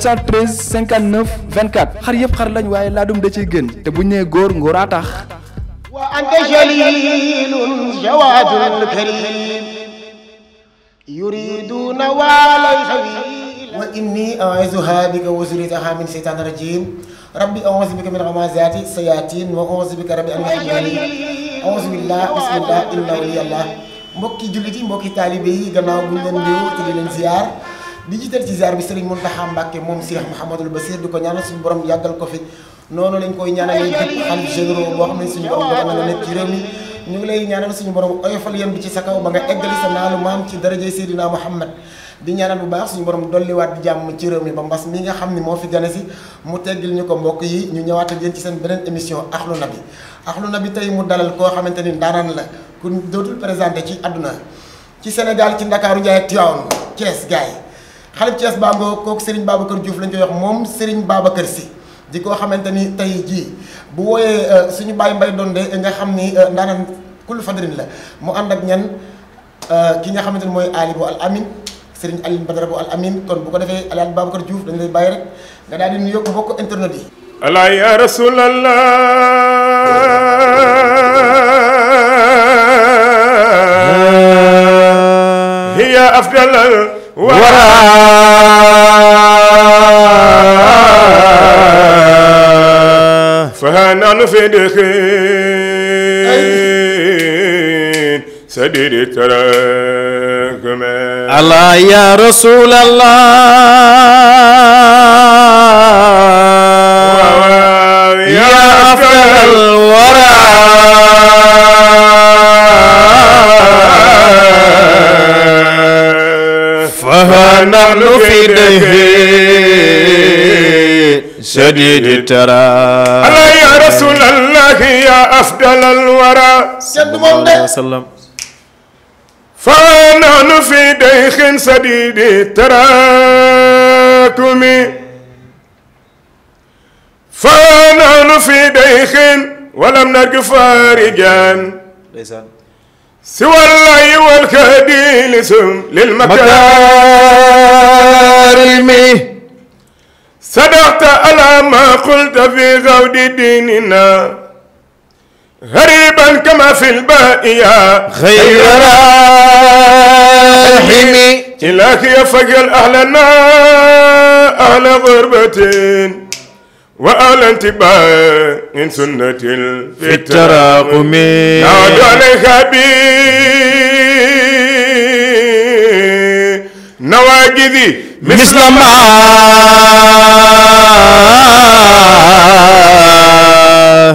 713 59 24 xar yëpp xar lañ waaye laadum gën te bu ñu nee góor ngóoraa tax. wa anta jalilun jawaadul karim yuriduna walaysa wa inni auzuha bika wa zurriyataha min shaytan rajim rabbi auzu bika min hamazati sayatin wa auzu bika rabbi an yahdurun auzu billah bismillah inna waliyallah mbokki jullit mbokki taalibe gannaaw buñ leen te di leen di jiital ci ziar bi Serigne Mountakha Mbacké moom Cheikh Mouhamadul Bassir di ko ñaanal suñu borom yàggal ko fi noonu lañ koy ñaanalee képp xam xam ne suñu borom dogal na nekk ci réew mi ñu ngi lay suñu borom oyofal yéen bi ci sa kaw ba nga eggali sa naalu maam ci darajay Seydina Muhammad di ñaanal bu baax suñu borom dolliwaat di jàmm ci réew mi ba mbas mi nga xam ni moo fi gane si mu teggil ñu ko mbokk yi ñu ñëwaat ak ci seen beneen émission Ahlou Nabi Ahlou Nabi tey mu dalal koo xamante ni ndaanaan la ku dootul présenté ci àdduna ci Sénégal ci Ndakaaru Njaay ak Tiwaawan Thiès gars yi xalif Thiès Bago kooku Serigne Babacar Diouf lañ koy wax moom Serigne Babacar si di koo xamante ni tey jii bu wooyee euh, suñu bàyyi mbay donde nga xam ni euh, ndaanaan kul fadrin la mu ànd ak ñan euh, ki nga xamante ni mooy Ali bu Al Amin Serigne Aline Badara bu Al Amin kon bu ko defee Alaaji Babacar Diouf dañ lay bàyyi rek nga daal di nuyu ko bokk internet yi. alaa ya rasulallah ah. hiya afdalal wara نحن في دخين سدير تراكم الله يا رسول الله يا أفضل الورى فها نحن في دهين شديد الترى الله يا رسول الله يا أفضل الورى صلى الله عليه وسلم فنحن في ديخ سديد التراكم فنحن في ديخ ولم نرق فارجا سوى الله والكديل للمكارم صدقت على ما قلت في غود ديننا غريبا كما في البائية خير راحم إلهي فقل أهلنا أهل غربة وأهل انتباه من سنة في التراقم نعود عليها بي نواجذي مثل ما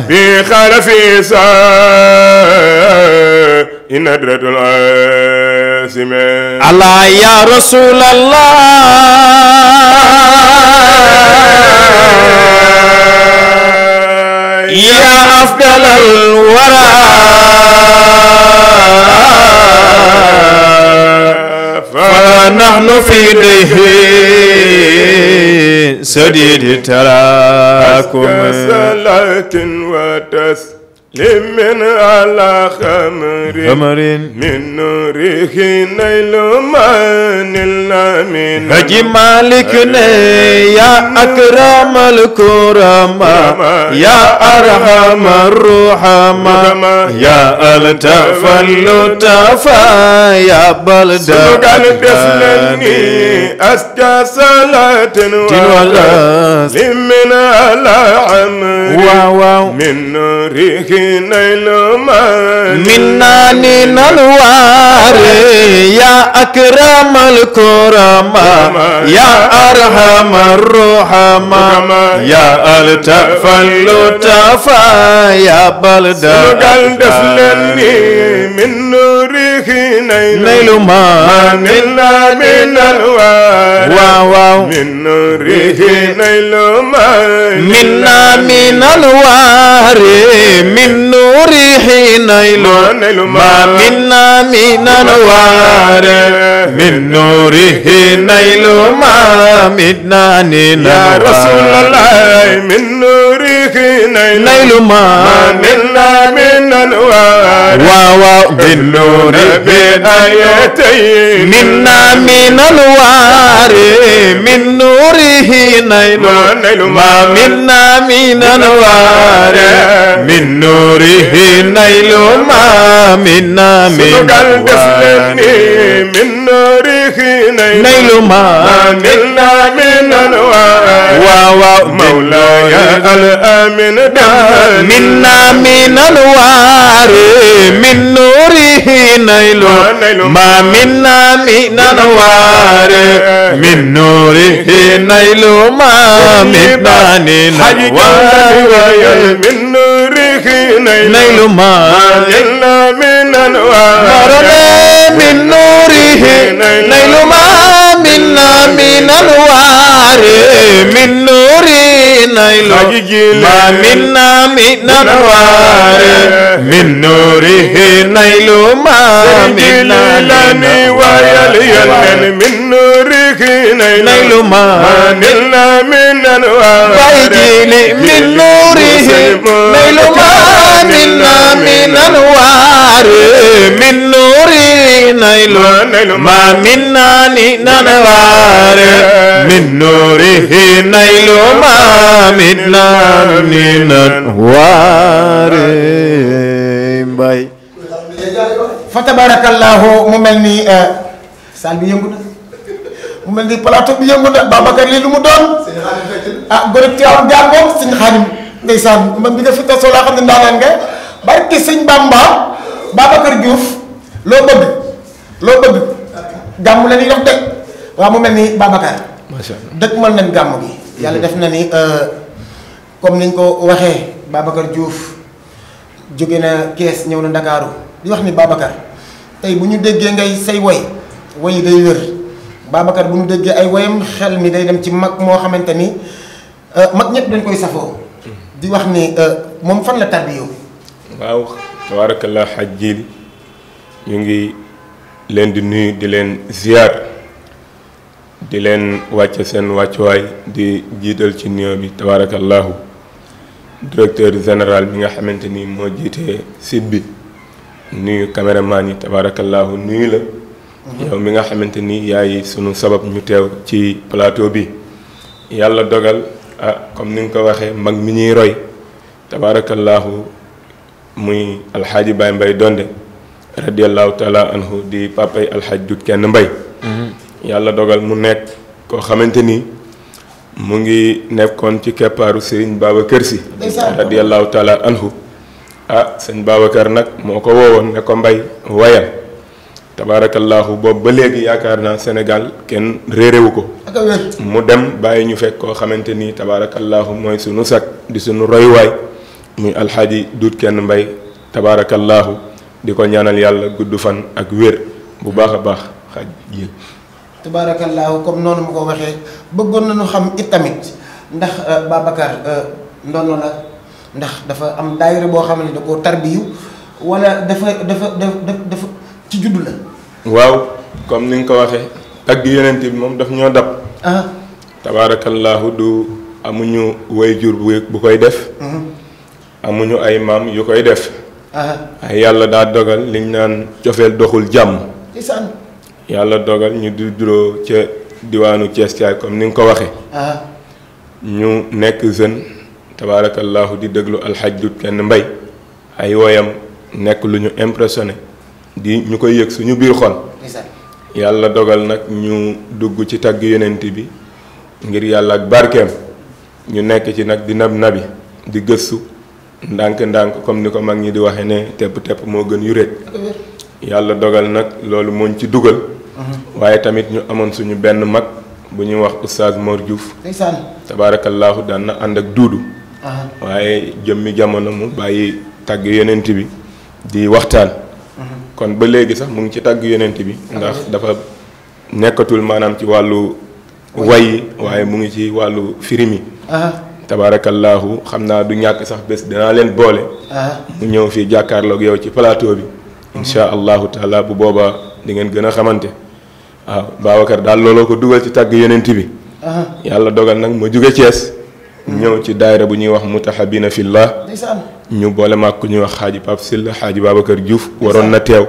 بخلف إن ندرة العاصمة الله يا رسول الله يا أفضل الورى نحن في ديه سديد تراكم صلاة وتسليم لمن على خمر خمر من نوره نيل من الأمين هجي مالك يا أكرم الكرماء يا أرحم الرحماء يا ألتف اللطفاء يا بلد سبقال بسلني أسجى صلاة ولا لمن على عمر من نوره منا نين الوار يا أكرم الكرماء يا أرحم الرحماء يا ألتف اللطفاء يا بلد من نوره نيل ما منا من الوار واو واو من نوره نيل ما منا من الوار من من نوره نيل ما منا من أنوار من نوره نيل ما منا من يا رسول الله من نوره نيل ما منا من أنوار واو من نوره بآيتين منا من أنوار من نوره نيل ما منا من أنوار من نوره nuurihi naylu ma minna min naylu ma minna min waaw waaw mawlaaya al amin minna min anwaari min nuurihi naylu ma minna min anwaari min nuurihi naylu ma minna min anwaari min nuurihi نيل ما إلا من أنواره من نوره نيل ما منا من أنواره من نوره نيل ما منا من انوار من نوره نيل ما منا لاني ويلي من نوره نيل ما منا من انوار بايجيلي من نوره نيل ما منا من انوار من نوره نيل ما منا من انوار من نوره نيل ما منا من mu mel ni saal bi yëngu na mu mel ni plateau bi yëngu na Babacar lii lu mu doon ah góor ci am jàngoo sëñ Xaadim ndeysaan man bi nga fi tasoo laa xam ne ndaanaan nga barke sëñ Bamba Babacar Diouf loo bëgg loo bëgg gàmm la ñuy dox de waaw mu mel ni Babacar dëkk mal nañ gàmm gi yàlla def na ni euh, comme niñ ko waxee Babacar Diouf jóge na Kees ñëw na Ndakaaru di wax ni Babacar tey bu ñu déggee ngay say woy woy yi day wér Babacar bu ñu déggee ay woyam xel mi day dem ci mag moo xamante ni euh, mag ñëpp dañ koy safoo di wax ni euh, moom fan la tarbiyoo waaw tabaarakallah xaj jiili ñu ngi leen di nuyu di leen ziar di leen wàcce seen wàccuwaay di jiital ci nuyoo bi tabaarakallaahu directeur général bi nga xamante ni moo jiite site bi nuyu caméraman yi tabaarakallaahu nuyu la mhm. yow mi nga xamante ni yaay sunu sabab ñu teew ci plateau bi yàlla dogal a ah, comme ni nga ko waxee mag mi ñuy roy tabaarakallaahu muy alxaaji Baye mbay Donde radiallahu taala anhu di papay alxaaj dut kenn mbay yàlla dogal mu nekk koo xamante ni mu ngi nekkoon ci keppaaru sëriñ kër si radiallahu taala anhu ah sëñ Babacar nag moo ko wowoon ne ko mbay wayal tabaarakallaahu boobu ba léegi yaakaar naa senegal kenn réeréwu ko mu dem bàyyi ñu fekk koo xamante ni tabaarakallaahu mooy sunu sag di sunu royuwaay muy alxaaji duut kenn mbay tabaarakallaahu di ko ñaanal yàlla gudd fan ak wér bu baax a baax xaj tubaarakallaahu comme noonu ma ko waxee bëggoon na nañu xam it tamit ndax euh, Babacar euh, ndono la ndax dafa am daayira boo xam ne da koo tarbiyu wala dafa dafa dafa ci waaw comme ni nga ko waxee ak gi bi moom daf ñoo dab. ah tabaarakallaahu du amuñu jur bu koy def. Mhm. amuñu ay maam yu koy def. ah yàlla daa dogal liñ naan cofeel doxul jàmm. yàlla dogal ñu di duroo ca diwaanu Thiès comme ni nga ko waxee. Ah. ñu nekk jeune tabaarakallahu di déglu alxaj dut kenn mbay ay woyam nekk lu ñu impressionné di ñu koy yëg suñu biir xol. yàlla dogal nag ñu dugg ci tàgg yonent bi ngir yàlla ak barkeem ñu nekk ci nag di nab nabi di gëstu ndànk-ndànk comme ni ko mag ñi di waxee ne tepp tepp moo gën yuréet yàlla dogal nag loolu mooñ ci dugal. waaye tamit ñu amoon suñu benn mag bu ñuy wax oustaz Mor juuf ndeysaan tabaarakallaahu daan ànd ak duudu. waaye jëmmi jamono mu bàyyi tàgg yonent bi di waxtaan. kon ba léegi sax mu ngi ci tàgg yonent bi. ndax dafa nekkatul maanaam ci wàllu. way waaye mu ngi ci wàllu firim yi. tabaarakallaahu xam naa du ñàkk sax bés dinaa leen boole. mu ñëw fii jàkkaarloog yow ci palaato bi. incha allahu taala bu booba di ngeen gën a xamante. waaw Babacar daal looloo ko dugal ci tàgg yeneenti bi yàlla dogal nag ma jóge Thiès hmm. ñëw ci daayira bu ñuy wax mu mutahabina fillah ñu boole maag ku ñuy wax xaaji Pape Sylla xaaji Babacar Diouf waroon na teew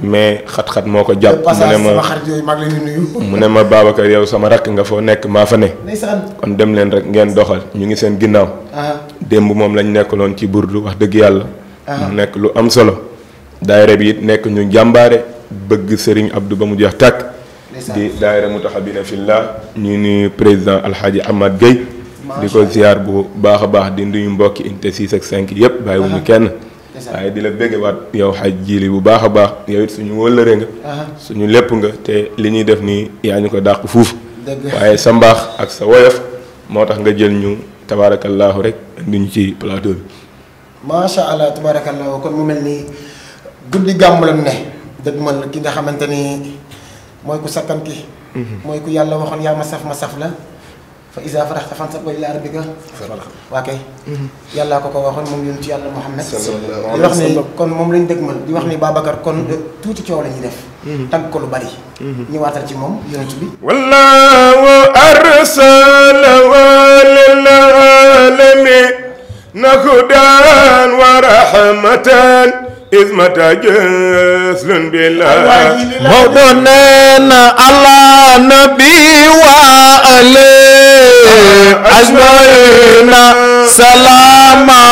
mais xat-xat moo ko jàpp mu ne ma mu ne ma Babacar yow sama rakk nga foo nekk maa fa ne kon dem leen rek ngeen doxal ñu ngi seen ginnaaw démb moom lañu nekkaloon ci burdu wax dëgg yàlla mu nekk lu am solo daayira bi it nekk ñu jàmbaare bëgg sëriñ Abdou ba mu jeex tàkk di daayira Mutahabina Fillah ñu nuyu président alxaaji Amath Gueye di ko ziar bu baax a baax di nuyu mbokki inte 6 ak 5 yëpp mu kenn waaye di la béggewaat yow xaj jiili bu baax a baax yow it suñu wëllëre nga suñu lépp nga te li ñuy def nii yaa ñu ko dàq fuuf waaye sa mbaax ak sa woyof moo tax nga jël ñu tabaarakallaahu rek indi ñu ci plateau bi macha dëgmal ki nga xamante ni mooy ku sakkan ki mhm. mooy ku yàlla waxoon yaa ma saf ma saf la fa isa faraxta fansab ila rabbika waa kay mhm. yàllaa ko ko waxoon moom ci yàlla Muhammad di wax ni kon moom lañ dëgmal di wax ni mhm. Babacar kon tuuti coow la ñuy def tàgg ko lu bari ñu waatal ci moom yonent bi wallahu arsala walil alamin nahudan wa rahmatan ismata jëslun billah Maodo nee na allah nabi wa ale ajmaina salaama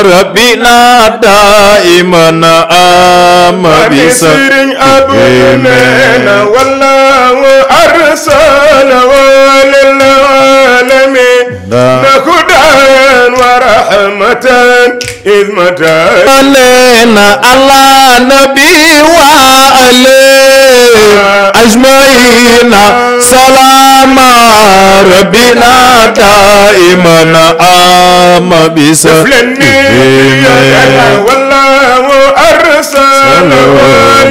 rabbina daiman ama bi sa sëriñ abu nee na wallahu arsala wa lil alamin rahmatan izmatan alena ala nabi wa ale ajmaina salama rabbina daiman ama bisa wallahu arsala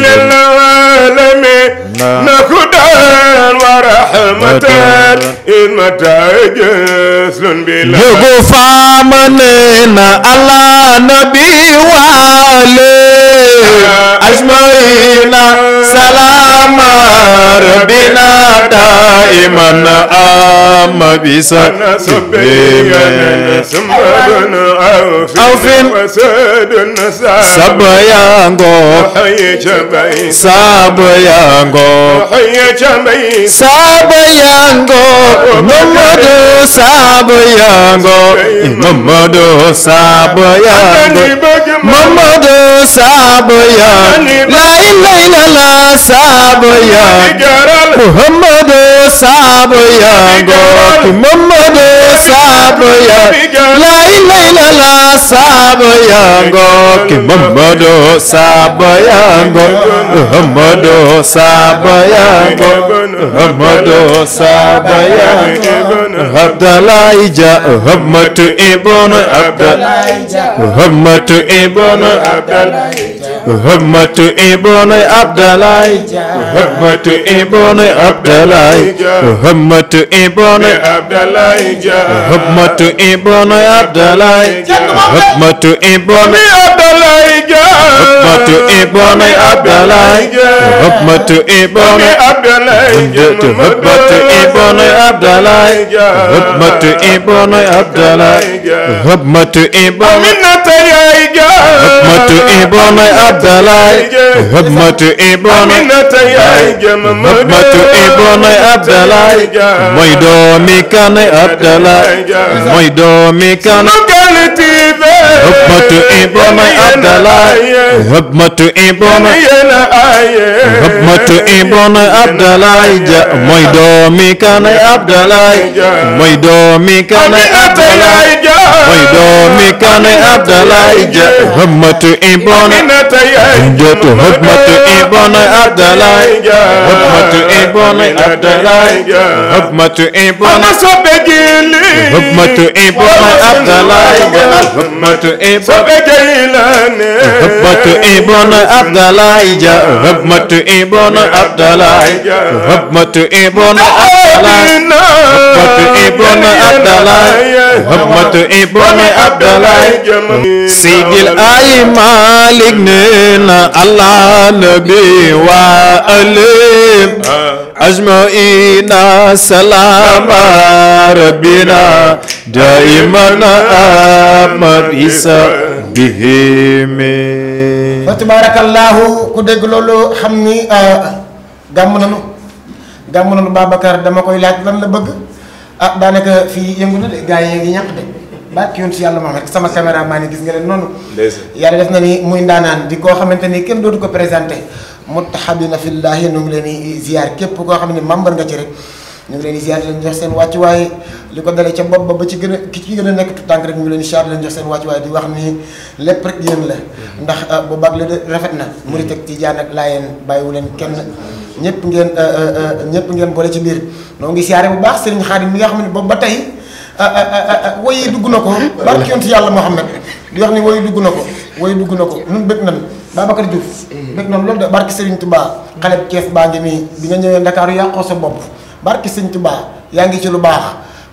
lil alamin المتاع المتاع جسل بلا يقو فامننا الله نبي والي أجمعين سلام ربنا دائما أما بيسا سبيا سمبن أوفين وسد سبيانغو سبيانغو سبيانغو yango Mamadou Sabo yango Mamadou Sabo yango Mamadou Sabo yango La ilaha illallah Sabo yango Muhammadou Sabo yango Mamadou Sabo yango La ilaha illallah Sabo yango Mamadou Sabo yango Muhammadou Sabo yango Muhammadou سابيا عبد الله جاء همة ابن عبد همة ابن عبد همة ابن عبد الله همة ابن عبد الله همة ابن عبد الله همة ابن عبد الله همة ابن عبد الله حكمة إبن عبد الله حكمة إبن عبد الله حكمة إبن عبد الله حكمة إبن عبد الله حكمة إبن منة يا إيجا حكمة إبن عبد الله حكمة إبن منة يا إيجا حكمة إبن عبد الله ويدو ميكان عبد الله ويدو ميكان حكمة إبن عبد الله Hëbmatu Ibn Hëbmatu Ibn Abdalaay ja mooy doomi kan Abdalaay mooy doomi kan Abdalaay ja mooy doomi kan Abdalaay ja Hëbmatu Ibn Jootu Hëbmatu Ibn Abdalaay ja Hëbmatu Ibn Abdalaay ja Hëbmatu Ibn Hëbmatu Ibn Abdalaay ja Hëbmatu Ibn هبمة ابن عبد الله جاء هبمة ابن عبد الله هبمة ابن عبد الله هبمة ابن عبد الله هبمة ابن عبد الله سيد الآي مالك نينا الله نبي وعليم أجمعين سلام ربنا دائما أمر إسحاق مدهم fa tabaarakallaahu ku dégg loolu xam ni ah, gàmm nanu gàmm nanu Babacar dama koy laaj lan la bëgg ah daanaka fii yëngu na de gars yi ngi ñàkk de baat yoon si yàlla moom rek sama caméra maa ni gis nga leen noonu yàlla def na ni muy ndaanaan di koo xamante ni kenn dootu ko présenté mutahabina fillaahi nu ngi leen di ziar képp koo xam ne membre nga ci rek ñu ngi leen di ziar di leen jox ko dalee ca bopp ba ba ci gën a nekk tout tànk rek ñu ngi leen di ziar di leen la ndax ah, bu baax la rafet na murit ak tijaan ak laayeen bàyyiwu leen kenn ñëpp ngeen ah, ah, ñëpp ngeen boole ci biir noo ngi siyaare bu baax sëriñ Xaadim bi nga xam ne boobu ba tey woy dugg na ko barke yonent yàlla Muhammad di wax ni woy dugg na ko woy dugg na ko nun bëgg nan Babacar Diouf bëgg nan loolu de barke Sëriñ Tuubaa xale Kees baa ngi nii bi nga ñëwee Ndakaaru yàqoo sa bopp barki sëñ Tuubaa yaa ngi ci lu baax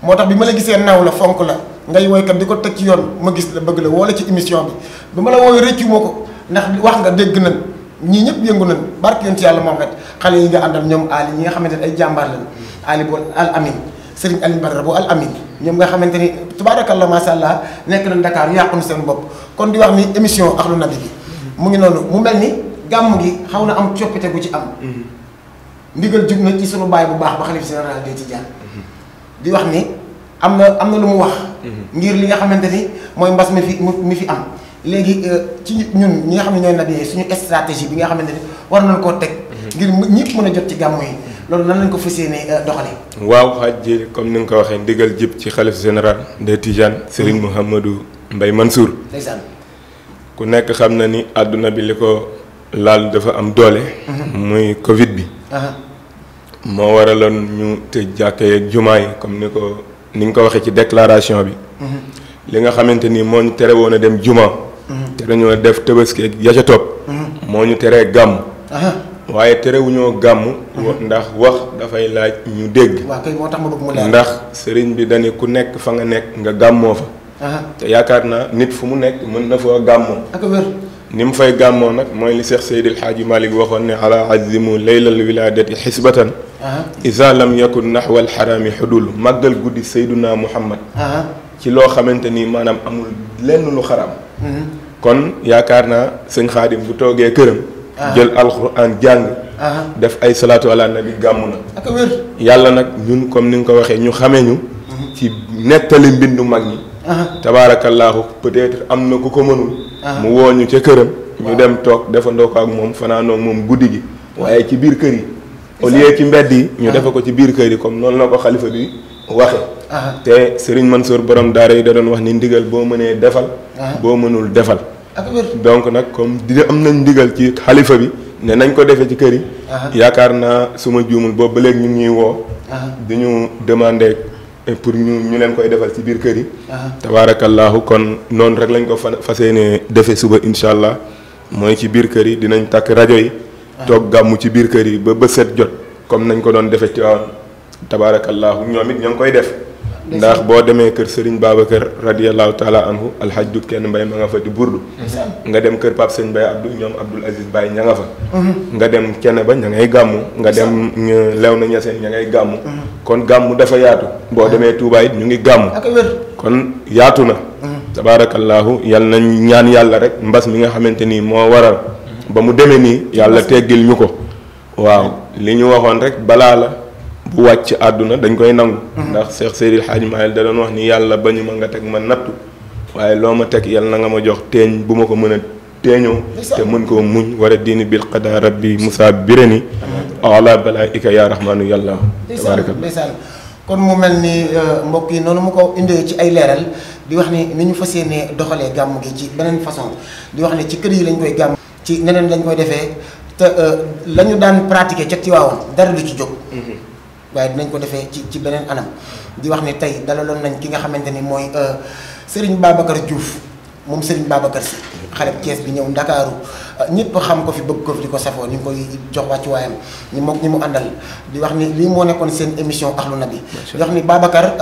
moo tax bi ma la gisee naw la fonk la ngay woykat di ko teg ci yoon ma gis la bëgg la woo la ci émission bi bi ma la wooyu rëccu ma ko ndax wax nga dégg nañ ñii ñëpp yëngu nañ barki yoon ci yàlla moom xale yi nga àndal ñoom Ali ñi nga xamante ne ay jàmbaar lañ Ali bu Al Amin Serigne Alioune Badara bu Al Amin ñoom nga xamante ni tubaarakallah macha allah nekk ndakaar Dakar yàqunu seen bopp kon di wax ni émission Ahlou Nabi bi mu ngi noonu mu mel ni gàmm gi xaw na am coppite gu ci am mm-hmm. ndigal jug na ci sunu baay bu baax ba xalif général de Tidiane di wax ni am na am na lu mu wax. ngir li nga xamante ni mooy mbas mi fi mi am. léegi euh, ci ñun ñi nga xam ne ñooy nabiyee suñu stratégie bi nga xamante ni war nañ koo teg. ngir ñëpp mën a jot ci gàmmu loolu nan ko fas yéenee euh, doxalee. waaw xaj comme ni nga ko waxee ndigal jib ci xalif général de Tidiane Serigne mm-hmm. Mouhamadou Mbaye Mansour. ndeysaan ku nekk xam na ni àdduna bi li ko laal dafa am doole. Mm-hmm. muy Covid bi. Uh-huh. moo waraloon ñu tëj jàkka jumaa yi comme ni ko ni nga ko waxee ci déclaration bi. Mm-hmm. li nga xamante ni moo ñu tere woon a dem juma. Mm-hmm. tere ñoo def tabaski ak ya ca topp. Mm-hmm. moo ñu teree gàmm. waaye terewuñoo gàmm. ndax wax dafay laaj ñu dégg. ndax sëriñ bi dañu ku nekk fa nga nekk nga gàmmoo fa. te yaakaar naa nit fu mu nekk mën na foo gàmmoo. ni mu fay gàmmoo nag mooy li Cheikh Seydil Hadji Malick waxoon ne ala azimu laylal wiladati xisbatan Uh-huh. isa lam yakun naxwa alxaraami xudul màggal guddi sayduna muhammad uh-huh. ci loo xamante ni maanaam amul lenn lu xaraam uh-huh. kon yaakaar naa sëñ xaadim bu toogee këram jël alquran jàng def ay salaatu ala nabi gàmm na yàlla nag ñun comme ni nga ko waxee ñu xamee ñu ci nettali mbindu mag ñi tabaarakallaahu peut-être am na ku ko mënul mu woo ñu ca këram ñu dem toog defandoo ko ak moom fanaanoo moom guddi gi waaye ci biir kër yi au lieu ci mbedd yi. ñu defe ko ci biir kër yi comme noonu la ko xalifa bi waxe te Serigne Mansour borom daara yi da doon wax ni ndigal boo mënee defal. boo mënul defal. donc nag comme di am nañ ndigal ci xalifa bi ne nañ ko defee ci kër yi. yaakaar naa suma juumul boobu ba léegi ñu ñuy woo. di ñu demander pour ñu ñu leen koy defal ci biir kër yi. tabaarakallaahu kon noonu rek lañ ko fa fas ne defee suba incha allah mooy ci biir kër yi dinañ takk rajo yi. toog gàmmu ci biir kër yi ba ba set jot comme nañ ko doon defee ci tabaarakallaahu ñoom it ña ngi koy def. ndax boo demee kër Serigne Babacar radiyallahu taala anhu alxaj dut kenn mbay ma nga fa di burdu. nga dem kër Pape Sëñ Baye Abdou ñoom Abdoul Aziz Baye ña nga fa. Mhm. nga dem kenn ba ña ngay gàmmu. nga dem lew na ñaseen ña ngay gàmmu. Mhm. kon gàmmu dafa yaatu. boo demee Touba it ñu ngi gàmmu. kon yaatu na. Mhm. tabaarakallaahu yal nañ ñaan yàlla rek mbas mi nga xamante ni moo waral. ba mu demee nii yàlla teggil ñu ko waaw li ñu waxoon rek balaa la bu wàcc àdduna dañ koy nangu mhm. ndax Cheikh Seydil Hadj Mael da doon wax ni yàlla ba ñu ma nga teg ma nattu waaye loo ma teg yàlla na nga ma jox teeñ bu ma ko mën a teeñoo te mën koo muñ war a diini bil qadaa rabbi Moussa Birani ala balaa ika yaa rahmaanu yàlla tabaarakallah kon mu mel ni euh, mbokk yi noonu ma ko indee ci ay leeral di wax ni ni ñu fas yéenee doxalee gàmm gi ci beneen façon wax ci kër yi koy gàmm ci neneen lañ koy defee te euh, la ñu daan pratiquer ca Tiwaawoon dara du ci jóg. Mhm. waaye dinañ ko defee ci ci beneen anam. di wax ni tey dalaloon nañ ki nga xamante ni mooy euh, Serigne Babacar Diouf moom Serigne Babacar si. xale bu Cees bi ñëw Ndakaaru euh, ñëpp xam ko fi bëgg ko fi di ko safoo ñu ngi koy jox wàccuwaayam ñi moog ñi mu àndal di wax ni lii moo nekkoon seen émission Ahlou Nabi di wax ni Babacar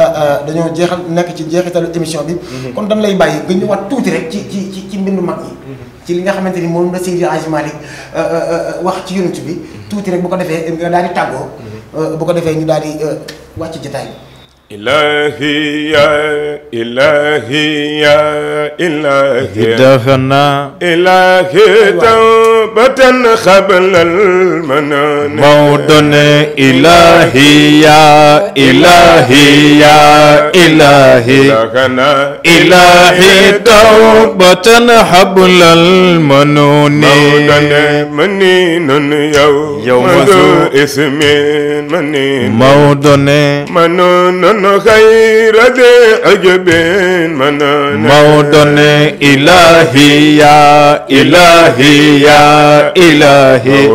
dañoo jeexal nekk ci jeexitalu émission bi. Mhm. kon dañ lay bàyyi nga ñëwaat tuuti rek ci ci ci mbindu mag ñi. Mhm. ci li nga xamante ni moom la Seydi Hadji Malick euh, euh, euh, wax ci yonent bi mm-hmm. tuuti rek bu ko defee nga daal di tàggoo mm-hmm. bu ko defee ñu daal di wàcc jotaay bi ilahi ya ilahi ya ilahi dafana ilahi بتن خبل المنان مودن إلهي يا إلهي يا إلهي إلهي توبة حبل المنون مودن منين يوم يوم ذو اسم منين مودن منون خير ذي عجب منون مودن إلهي يا إلهي يا إلهي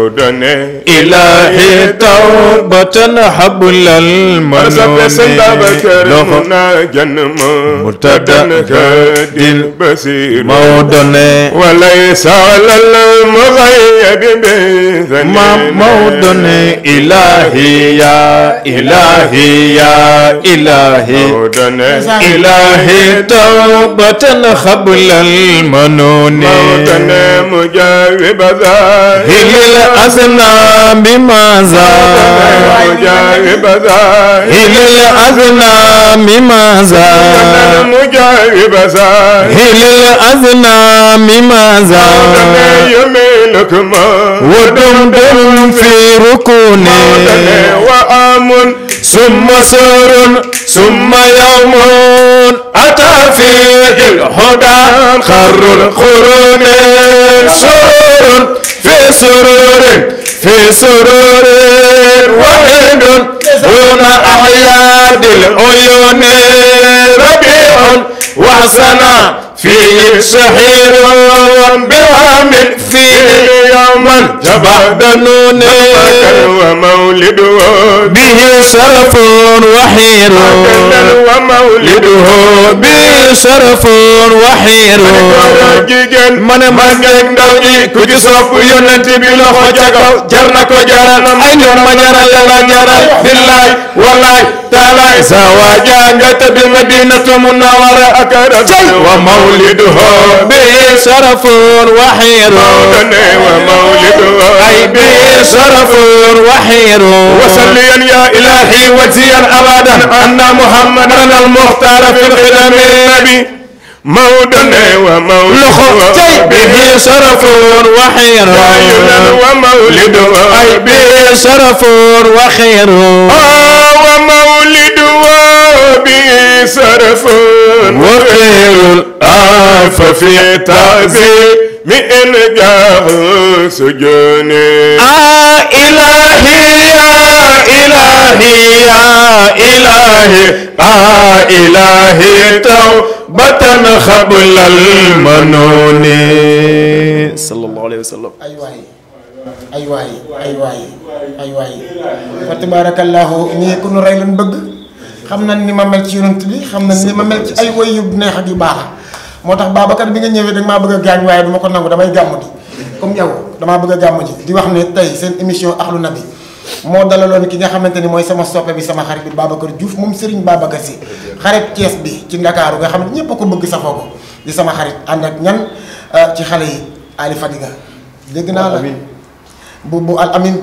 إلهي توبة حبل المنون مرتدى كدين بسير مودن وليس على المغيب بذنب مودن إلهي يا إلهي يا إلهي مودن إلهي توبة حبل المنون مودن مجاوبة هل الأسنى بما زال هل الأسنى بما زال هل الأسنى بما زال ودمدم في ركوني وآم ثم سر ثم يوم أتى فيه الهدى خر القرون سر وحمد في سرور في سرور وحيد هنا أعياد العيون ربيع وحسنا فيه سحير بعامل فيه يوما جبع بنون ومولده به شرف وحير ومولده به شرف وحير من مجد دوي كجي صف يونتي بي لوخو جاكو جرنكو جران اي ما جران يلا جران بالله والله تعالى زواجا جت بمدينه منوره اكرم ومولده مولدها به شرف وحير موطني ومولدها أي به شرف وحير وصليا يا إلهي وجيا أبدا أن محمدا المختار في الخدم النبي مودنا ومولد به شرف وخير ومولد أي به شرف وخير ومولد به شرف وخير عاف في تعظيم إن جاه سجوني آه إلهي يا إلهي يا إلهي آه إلهي توبة قبل المنون صلى الله عليه وسلم أيوه ay waay ay waay ay waay fa tabaarakallaahu ñii ku nu rey lan bëgg xam nañ ni ma mel ci yonent bi xam nañ ni ma mel ci ay way yu neex ak yu baax moo tax Babacar bi nga ñëwee da maa bëgg a gaañ waaye du ma ko nangu damay gàmm ji comme yow damaa bëgg a gàmm ji di wax ne tey seen émission Ahlou Nabi moo dalaloon ki nga xamante ni mooy sama soppe bi sama xarit bi Babacar Diouf moom Serigne Babacar Sy xarit Thiès bi ci Ndakaaru nga xam ne ñëpp a ko bëgg safoo ko di sama xarit ànd ak ñan euh, ci xale yi Ali Fadiga dégg naa la bu bu al amin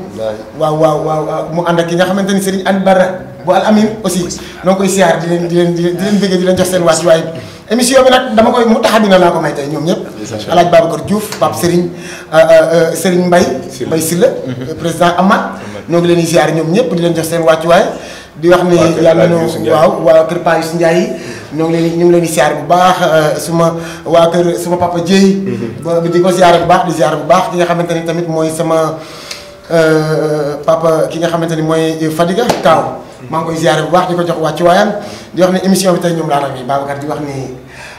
waaw waaw waaw mu ànd ak ki nga xamante ni Serigne Anne Barra bu al aussi noo koy siyaar di leen di leen di leen bëgg di leen jox seen waas waaye émission bi nag dama koy mu taxaw dina laa ko may tey ñoom ñëpp alaaj Babacar Diouf Pape Serigne euh, euh, euh, Serigne mbay Mbaye Sylla mhm. président Amath ñoo ngi leen di siyaar ñoom ñëpp di leen jox seen wàccuwaay di wax ni yàlla na waaw waa kër Pa Youssou Ndiaye ñoo ngi leen ñu ngi leen di siyaar bu baax suma waa kër suma papa Dieye mhm. di ko siyaar bu baax di siyaar bu baax ki nga xamante ni tamit mooy sama papa ki nga xamante ni mooy Fadiga Kaaw maa ngi koy ziare bu baax di ko jox wàccu waayam di wax ne émission bi tey ñoom laanam yi Babacar di wax ni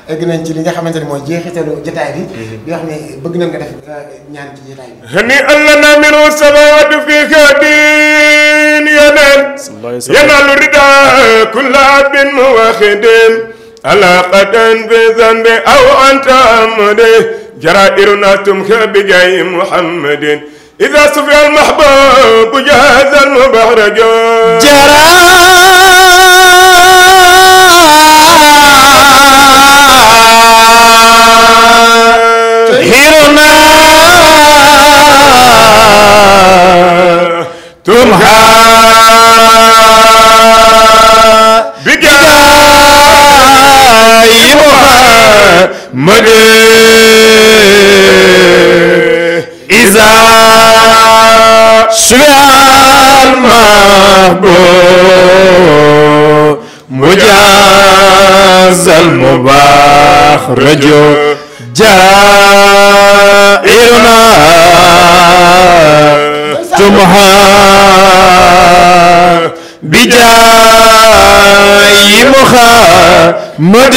egg nañ ci li nga xamante ne mooy jeexitalu jotaay bi di wax ne bëgg na nga def ñaan ci jotaay bi ni allah na minu samawatu fi xadin yeneen yenaalu rida kulla abdin muwaxidin ala qadan bi zanbi aw anta amade jara irnatum ka bijay muhammadin إذا سفي المحبوب جاز المبهرج جرى تهيرنا تمحى بجاي محمد إذا شبع المحبوب مجاز المباح رجو جائرنا تمحى بجاي محمد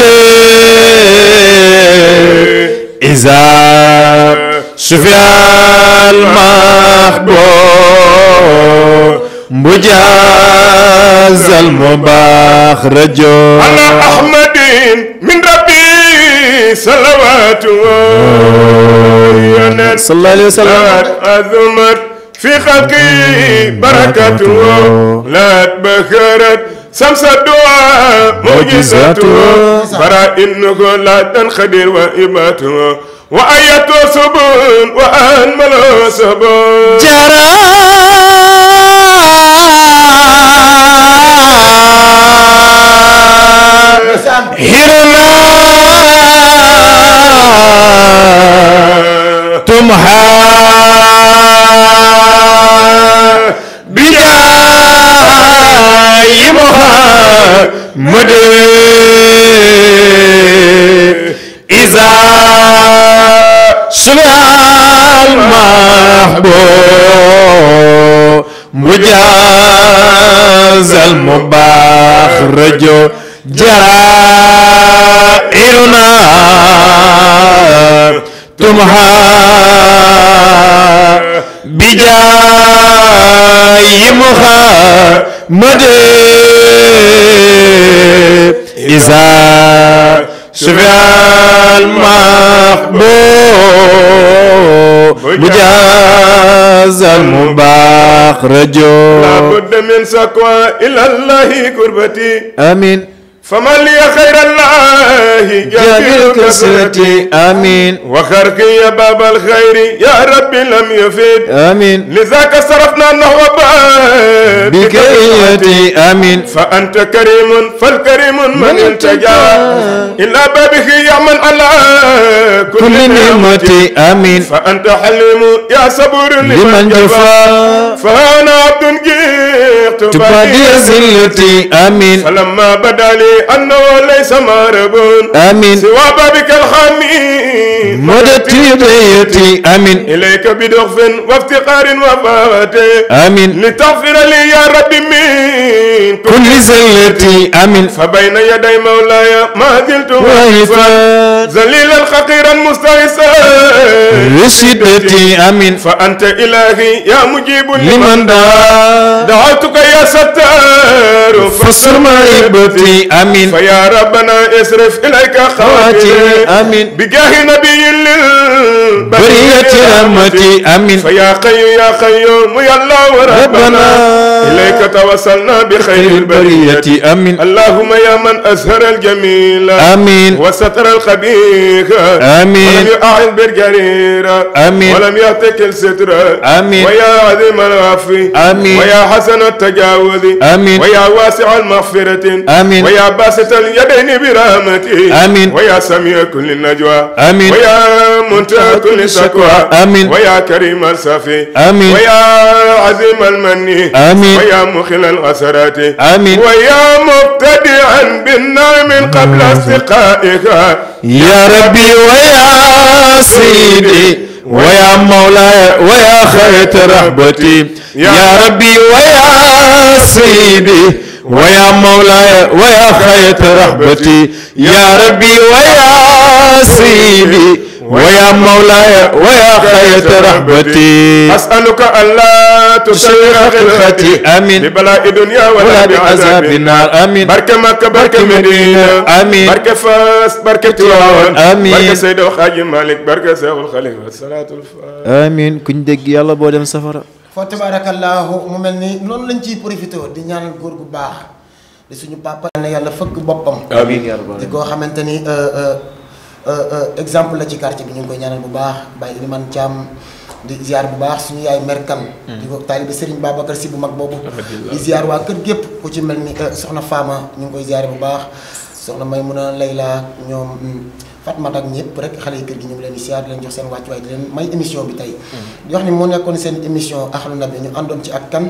إذا sufiyaan maxboo mujaazal mu baax rajo. ala ahmadin min rabbi salawaatu yonen. sallallahu alayhi wa sallam. azumat fi xalqi barakatu laat bakarat samsa duwa mujizatu bara innahu la tanxadir wa ibatu wa ayatu subul wa anmalu subul jara Jóob laa budda min saqwa ilallahi kurbati amin فمن لي خير الله جميل كسرتي امين وخرك يا باب الخير يا ربي لم يفيد امين لذاك صرفنا نحو باب بكيتي امين فانت كريم فالكريم من التجا الى بابك يا من على كل نعمتي امين فانت حليم يا صبور لمن جفا فانا عبد جئت تبادي زلتي امين فلما بدا لي أنه ليس مهرب آمين سوى بابك الخميس مدتي بيتي آمين إليك بدخف وافتقار وفاوة آمين لتغفر لي يا رب من كل زلتي آمين فبين يدي مولاي ما زلت واقفا ذليلا خطيرا مستغيثا رشدتي آمين فأنت إلهي يا مجيب لمن دعا دعوتك يا ستار فسما يبتي امين فيا ربنا اصرف اليك خواتي امين بجاه نبي للبرية رحمتي امين فيا قي يا قيوم يا الله وربنا إليك توصلنا بخير البرية آمين اللهم يا من أزهر الجميل آمين وستر الخبيث آمين ولم يعد بالجريرة آمين ولم يهتك الستر آمين ويا عظيم العفو آمين ويا حسن التجاوز آمين آمين ويا واسع المغفرة آمين ويا باسط اليدين برحمته آمين ويا سميع كل نجوى آمين ويا منتهى كل شكوى آمين ويا كريم الصفي آمين ويا عظيم المن آمين ويا مخل الغسرات آمين ويا مبتدئا بالنعم قبل استقائك يا ربي ويا سيدي ويا مولاي ويا خير رحبتي يا ربي ويا سيدي ويا مولاي ويا خير رحبتي يا ربي ويا سيدي ويا مولاي ويا خير رحبتي أسألك ألا تشيخ خلقتي آمين ببلاء دنيا ولا بعذاب النار آمين بارك مكة بارك مدينة آمين بارك فاس بارك تيوان آمين بارك سيد وخاج مالك بارك سيد الخليفة الصلاة الفاتحة آمين كن دق يلا بودم سفرة fa tabaarakallaahu mu mel ni noonu lañ ciy profité di ñaanal góor bu baax di suñu papa. ne yàlla fëkk boppam. amiin di koo xamante ni euh, euh, euh, exemple la ci quartier bi ñu ngi koy ñaanal bu baax Baye man caam di ziar bu baax suñu yaay merkan hmm. di ko taalibe Serigne Babacar si bu mag boobu. di ziar waa kër gépp ku ci mel ni soxna Fama ñu ngi koy ziar bu baax soxna Maymuna laa ñoom. Fatmata ak ñëpp rek xale yi kër gi ñu ngi leen di siyaar di leen jox seen wàccuwaay di leen may émission bi tey mm. di ni moo nekkoon seen émission Ahlou Nabi ñu àndoon ci ak kan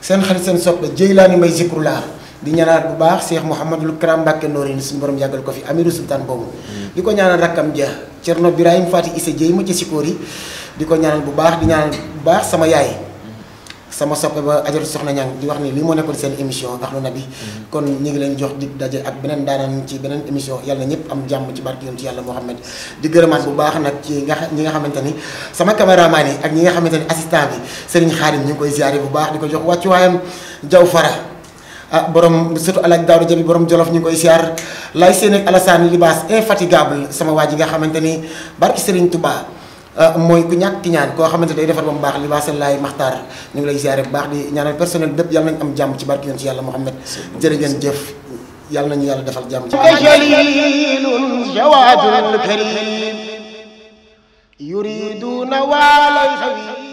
seen xarit seen soppe Jeylaani Mbaye Zikroulah di ñaanal bu baax Cheikh Mouhamadul Karam Mbacke Noreyni suñu borom yàggale ko fi amiru sultaan boobu mm. di ko ñaanal rakkam ja Cerno Birahim Fati Issa Dieye ma ci Sikori di ko ñaanal bu baax di ñaanal bu baax sama yaay sama soppe ba ajar soxna ñang di wax ni lii moo nekkoon seen émission Ahlou Nabi mm-hmm. kon ñu ngi leen jox dig daje ak beneen daanaan ci beneen émission yàlla ñëpp am jàmm ci barke yoon ci yàlla Muhammad di gërëmaat bu baax nag ci nga ñi nga xamante ni sama caméraman yi ak ñi nga xamante ni assistant bi Serigne Khadim ñu ngi koy ziare bu baax di ko jox wàccuwaayam jaw fara ah borom surtout alaaj daawda jabi borom jolof ñu ngi koy ziar lay seen ak Alassane libaas infatigable sama waa ji nga xamante ni barke Serigne Touba Euh, mooy ku ñàkk ki ñaan koo xamante day defal ba mu baax li baasal laay maxtaar ñu ngi lay ziare bu baax di ñaanal personnel bépp yàlla nañ am jàmm ci barki yoon ci yàlla Muhammad jërë jëf yàlla nañu yàlla defal jàmm ci jalilun jawaadul karim yuriduna waalay xawi